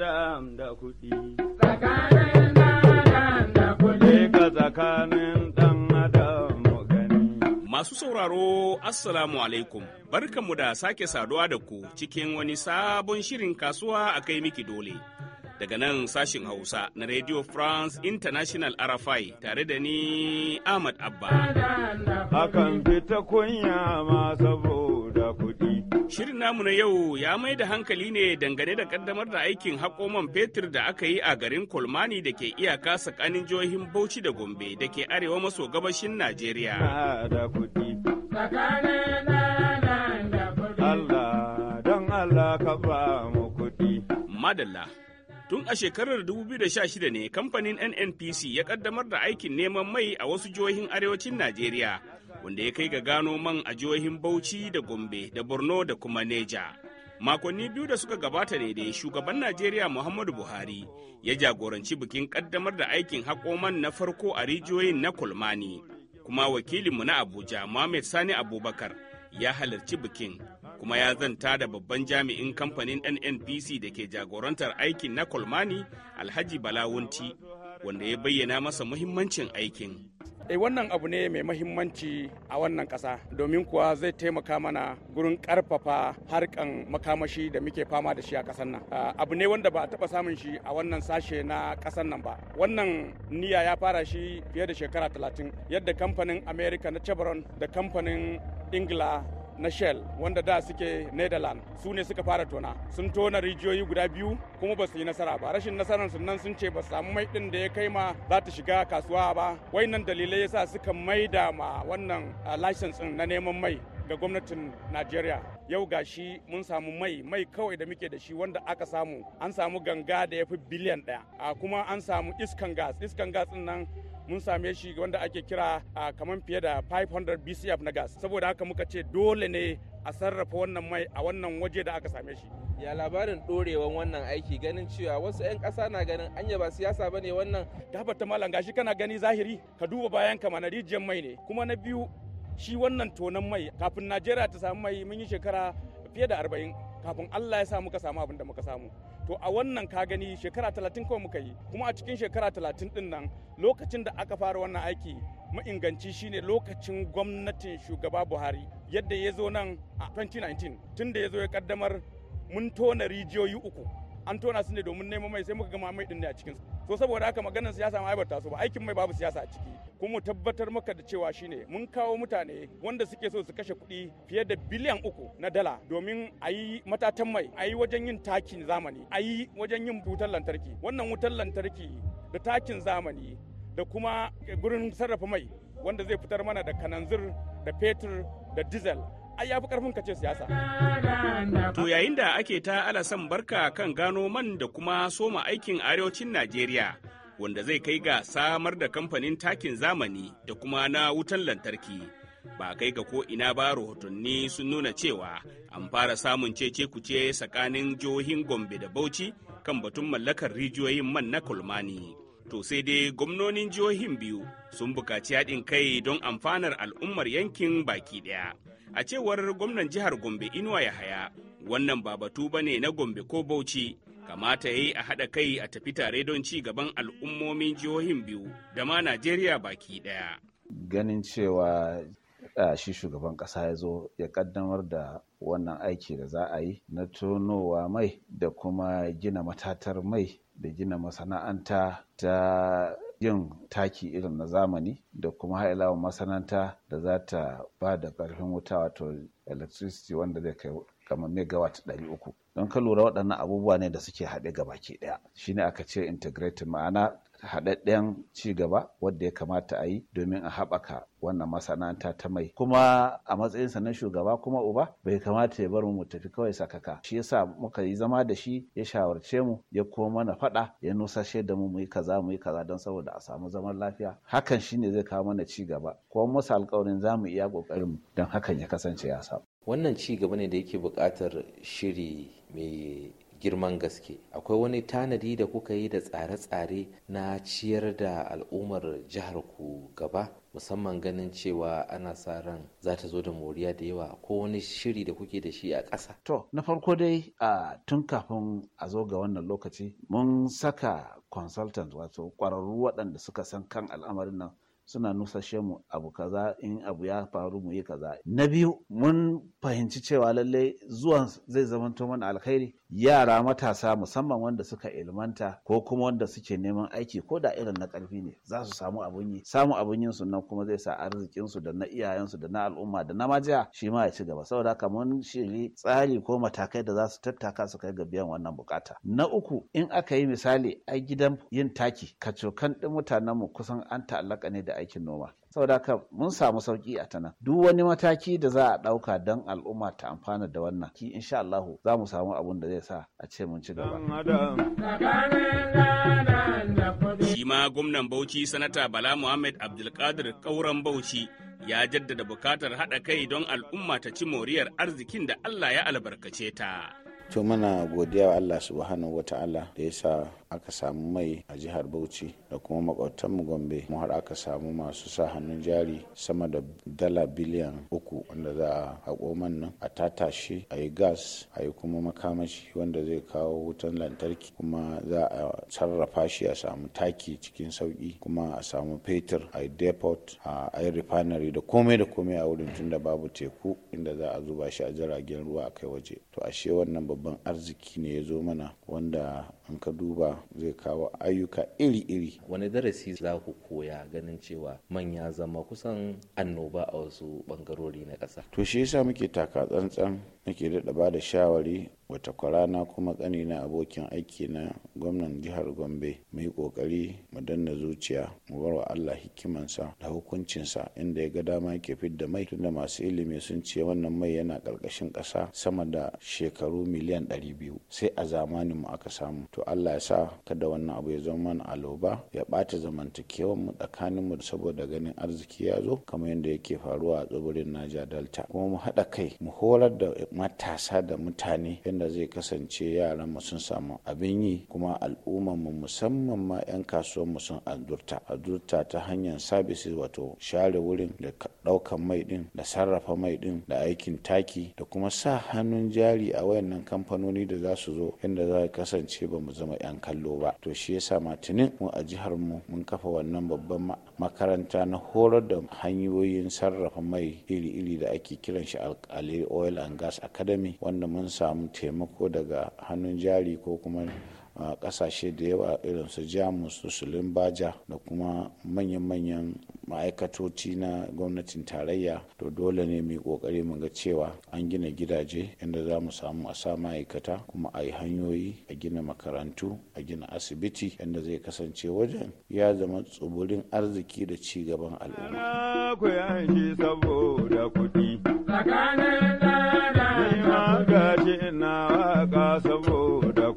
dam da kuɗi. da kuɗi. Ka tsakanin adam Masu sauraro Assalamu alaikum, barkanmu da sake saduwa da ku cikin wani sabon shirin kasuwa a kai miki dole. Daga nan sashin Hausa na Radio France International RFI tare da ni Ahmad Abba. Akan fita kunya ma saboda kuɗi. Shirin namu na yau ya mai da hankali ne dangane da kaddamar da aikin man fetur da aka yi a garin Kolmani da ke iyaka tsakanin jihohin Bauchi da Gombe da ke arewa maso gabashin Najeriya. Madalla. Tun a shekarar 2016 ne kamfanin NNPC ya kaddamar da aikin neman mai a wasu jihohin arewacin Najeriya. wanda ya kai ga gano man a jihohin Bauchi da Gombe da Borno da kuma Neja. Makonni biyu da suka gabata ne dai shugaban Najeriya Muhammadu Buhari ya jagoranci bikin kaddamar da aikin man na farko a rijiyoyin na Kulmani. Kuma wakilinmu na Abuja Mohammed Sani Abubakar ya halarci bikin kuma ya zanta da babban jami'in kamfanin NNPC da ke jagorantar aikin na Kulmani Alhaji Balawunti wanda ya bayyana masa muhimmancin aikin. e wannan abu ne mai mahimmanci a wannan ƙasa domin kuwa zai taimaka mana gurin ƙarfafa harkan makamashi da muke fama da shi a ƙasar nan ah, abu ne wanda ba a taɓa samun shi a wannan sashe na ƙasar nan ba wannan niyya ya fara shi fiye da shekara talatin yadda kamfanin america na chevron da kamfanin ingila na shell wanda da suke netherlands su ne suka fara tona sun tona rijiyoyi guda biyu kuma ba su yi nasara ba rashin nasarar nan sun ce ba samu mai din da ya kai ma za ta shiga kasuwa ba wayannan dalilai yasa suka maida ma wannan ah, license na neman mai ga gwamnatin najeriya yau ga shi mun samu mai mai kawai da muke da shi wanda aka samu an samu ganga da ya fi biliyan daya ah, kuma an samu iskan gas iskan gas nan mun same shi wanda ake kira a kamar fiye da 500 bcf na gas saboda haka muka ce dole ne a sarrafa wannan mai a wannan waje da aka same shi ya labarin dorewan wannan aiki ganin cewa wasu 'yan ƙasa na ganin anya ba siyasa ba ne wannan gabar ta malam gashi kana gani zahiri ka duba bayan ka mana rijiyar mai ne kuma na biyu shi wannan tonan mai kafin najeriya ta samu mai mun yi shekara fiye da arba'in kafin allah ya sa muka samu abin da muka samu to a wannan ka gani shekara talatin kawai muka yi kuma a cikin shekara talatin din nan lokacin da aka fara wannan aiki ma'inganci shine lokacin gwamnatin shugaba buhari yadda ya zo nan a 2019 tun da ya zo ya kaddamar mun tona rijiyoyi uku an tona su ne domin neman mai sai muka gama mai din ne a cikin so saboda haka maganar siyasa ma ba ta ba aikin mai babu siyasa a ciki kuma tabbatar maka da cewa shine mun kawo mutane wanda suke so su kashe kuɗi fiye da biliyan uku na dala domin a yi matatan mai a yi wajen yin takin zamani a yi wajen yin wutar lantarki wannan wutar lantarki da takin zamani da kuma gurin sarrafa mai wanda zai fitar mana da kananzir da fetur da diesel ai ya fi karfin kace siyasa. To yayin da ake ta alasan barka kan gano man da kuma soma aikin arewacin Najeriya wanda zai kai ga samar da kamfanin takin zamani da kuma na wutan lantarki ba kai ga ko'ina ba rahotanni sun nuna cewa an fara samun cece kuce tsakanin jihohin gombe da bauchi kan batun mallakar rijiyoyin man na kulmani to sai dai gwamnonin jihohin biyu sun bukaci haɗin kai don amfanar al'ummar yankin baki ɗaya a cewar gwamnan jihar gombe inuwa yahaya wannan ba batu ba ne na gombe ko bauchi kamata ya yi a haɗa kai a tafi tare don ci gaban al'ummomin jihohin biyu da ma najeriya baki ɗaya ganin cewa shi shugaban ƙasa ya zo ya ƙaddamar da wannan aiki da za a yi na tonowa mai da kuma gina matatar mai da gina masana'anta ta yin taki irin na zamani da kuma hailawar masana'anta da za ta ba da ƙarfin wuta wato electricity wanda zai kai kamar megawatt uku, don ka lura waɗannan abubuwa ne da suke haɗe ga baki ɗaya Shi ne aka ce integrated ma'ana haɗaɗɗen ci gaba wadda ya kamata a yi domin a haɓaka wannan masana'anta ta mai kuma a matsayinsa na shugaba kuma uba bai kamata ya bar mu tafi kawai sakaka shi yasa muka yi zama da shi ya shawarce mu ya kuma mana faɗa ya nusa da mu mu yi kaza mu yi kaza don saboda a samu zaman lafiya hakan shine zai kawo mana ci gaba kuma musu alƙawarin za mu iya ƙoƙarin don hakan ya kasance ya samu wannan ci gaba ne da yake buƙatar shiri mai girman gaske akwai wani tanadi da kuka yi da tsare-tsare na ciyar da al'ummar jihar ku gaba musamman ganin cewa ana sa ran za ta zo da moriya da yawa ko wani shiri da kuke da shi a ƙasa. To, na farko dai a tun kafin a zo ga wannan lokaci mun saka consultant wato ƙwararru waɗanda suka san kan al'amarin nan suna nusashe mu abu kaza in abu ya faru mu yi kaza na biyu mun fahimci cewa lallai zuwan zai zamanto mana alkhairi yara matasa musamman wanda suka ilmanta ko kuma wanda suke neman aiki ko da irin na karfi ne za su samu abin yi samu abin yin su nan kuma zai sa arzikin su da na iyayen su da na al'umma da na majiya shi ma ya ci gaba saboda haka mun shiri tsari ko matakai da za su tattaka su kai ga biyan wannan bukata na uku in aka yi misali ai gidan yin taki kacokan din mutanen mu kusan an ta'allaka ne da aikin noma saboda haka mun samu sauki a tana duk wani mataki da za a ɗauka don al'umma ta amfana da wannan ki insha Allah za mu samu abun da zai sa a ce mun ci gaba shi ma gwamnan Bauchi sanata Bala Muhammad Abdulkadir Kauran Bauchi ya jaddada bukatar haɗa kai don al'umma ta ci moriyar arzikin da Allah ya albarkace ta. to mana godiya wa Allah subhanahu wa ta'ala da ya sa aka samu mai a jihar Bauchi da kuma makwabtanmu Gombe mu har aka samu masu sa hannun jari sama da dala biliyan uku wanda za a haƙo man nan a tatashe a yi gas a yi kuma makamashi wanda zai kawo wutan lantarki kuma za a sarrafa shi a samu taki cikin sauki kuma a samu fetur a yi depot a yi refinery da komai da komai a wurin tunda babu teku inda za a zuba shi a jiragen ruwa a kai waje to ashe wannan babban arziki ne ya zo mana wanda in ka duba zai kawo ayyuka iri-iri wani darasi za ku koya ganin cewa manya zama kusan annoba a wasu bangarori na ƙasa to shi yasa muke taka tsantsan nake daɗa ba da shawari wata kwarana kuma tsani na abokin aiki na gwamnan jihar gombe mu yi ƙoƙari mu danna zuciya mu bar wa allah hikimansa da hukuncinsa inda ya ga dama yake fidda mai tunda masu ilimi sun ce wannan mai yana ƙarƙashin ƙasa sama da shekaru miliyan ɗari biyu sai a zamanin mu aka samu to allah ya sa kada wannan abu ya zama mana aloba ya ɓata zamantakewar mu tsakanin mu saboda ganin arziki ya zo kamar yadda yake faruwa a tsibirin naja delta kuma mu haɗa kai mu horar da matasa da mutane yadda zai kasance yaran mu sun samu abin yi kuma al'umman mu musamman ma 'yan kasuwan mu sun azurta azurta ta hanyar services wato share wurin da ɗaukan mai ɗin da sarrafa mai ɗin da aikin taki da kuma sa hannun jari a wayannan kamfanoni da za su zo yadda za a kasance ba mu zama 'yan kallo ba to shi yasa ma tunin mu a jihar mu mun kafa wannan babban makaranta na horar da hanyoyin sarrafa mai iri-iri da ake kiran shi alkali oil and gas academy wanda mun samu taimako daga hannun jari ko kuma a kasashe da yawa irin su jamus da sulin baja da kuma manyan-manyan ma'aikatoci na gwamnatin tarayya to dole ne mu yi kokari mu ga cewa an gina gidaje inda za mu samu a sa ma'aikata kuma a yi hanyoyi a gina makarantu a gina asibiti inda zai kasance wajen ya zama tsibirin arziki da ci gaban al'umma da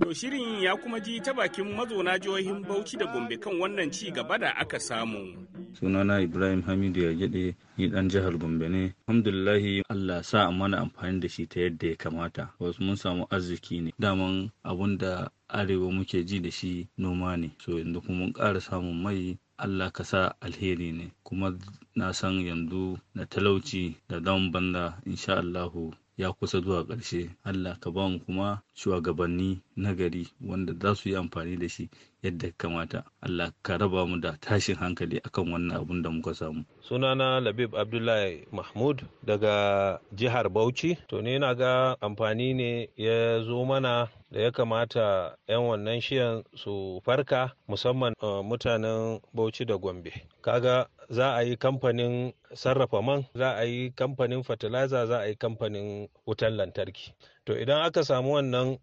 To shirin ya kuma ji ta bakin mazauna jihohin Bauchi da Gombe kan wannan ci gaba da aka samu. Sunana Ibrahim Hamidu ya gyaɗe ni dan jihar Gombe ne. Alhamdulillah Allah sa mana amfani da shi ta yadda ya kamata. Wasu mun samu arziki ne. Daman abun da arewa muke ji da shi noma ne. So yanzu kuma mun ƙara samun mai Allah ka sa alheri ne kuma na san yanzu na talauci da dan banda insha Allahu ya kusa zuwa ƙarshe allah ka ba mu kuma shugabanni nagari wanda za su yi amfani da shi yadda kamata allah ka raba mu da tashin hankali akan wannan abun da muka samu sunana labib abdullahi mahmud daga jihar bauchi to ni na ga amfani ne ya zo mana da ya kamata 'yan wannan shiyan su farka musamman eh, mutanen bauchi da gombe kaga za a yi kamfanin sarrafa man za a yi kamfanin fertilizer za a yi kamfanin wutan lantarki to idan aka samu wannan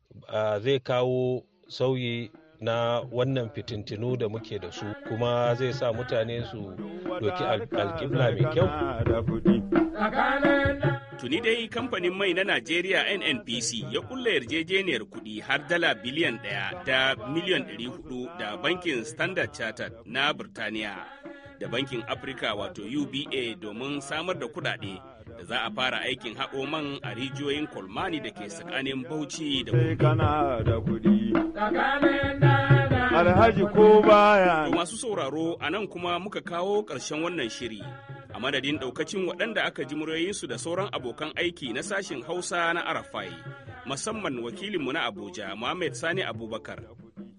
zai kawo sauyi na wannan fitintinu da muke da su kuma zai sa mutane su doki alkibla mai kyau Tuni dai kamfanin mai na Najeriya NNPC ya kulle yarjejeniyar kudi har dala biliyan ɗaya da miliyan ɗari hudu da bankin Standard Chartered na Birtaniya da bankin Afirka wato UBA domin samar da kudade da za a fara aikin haƙo man a rijiyoyin Kolmani da ke tsakanin Bauchi da Alhaji ko baya. Masu sauraro a nan kuma muka kawo ƙarshen wannan shiri. madadin daukacin waɗanda aka ji su da sauran abokan aiki na sashin hausa na arafai musamman wakilinmu na abuja muhammad sani abubakar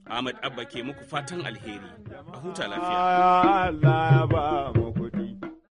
ahmad abba ke muku fatan alheri a huta lafiya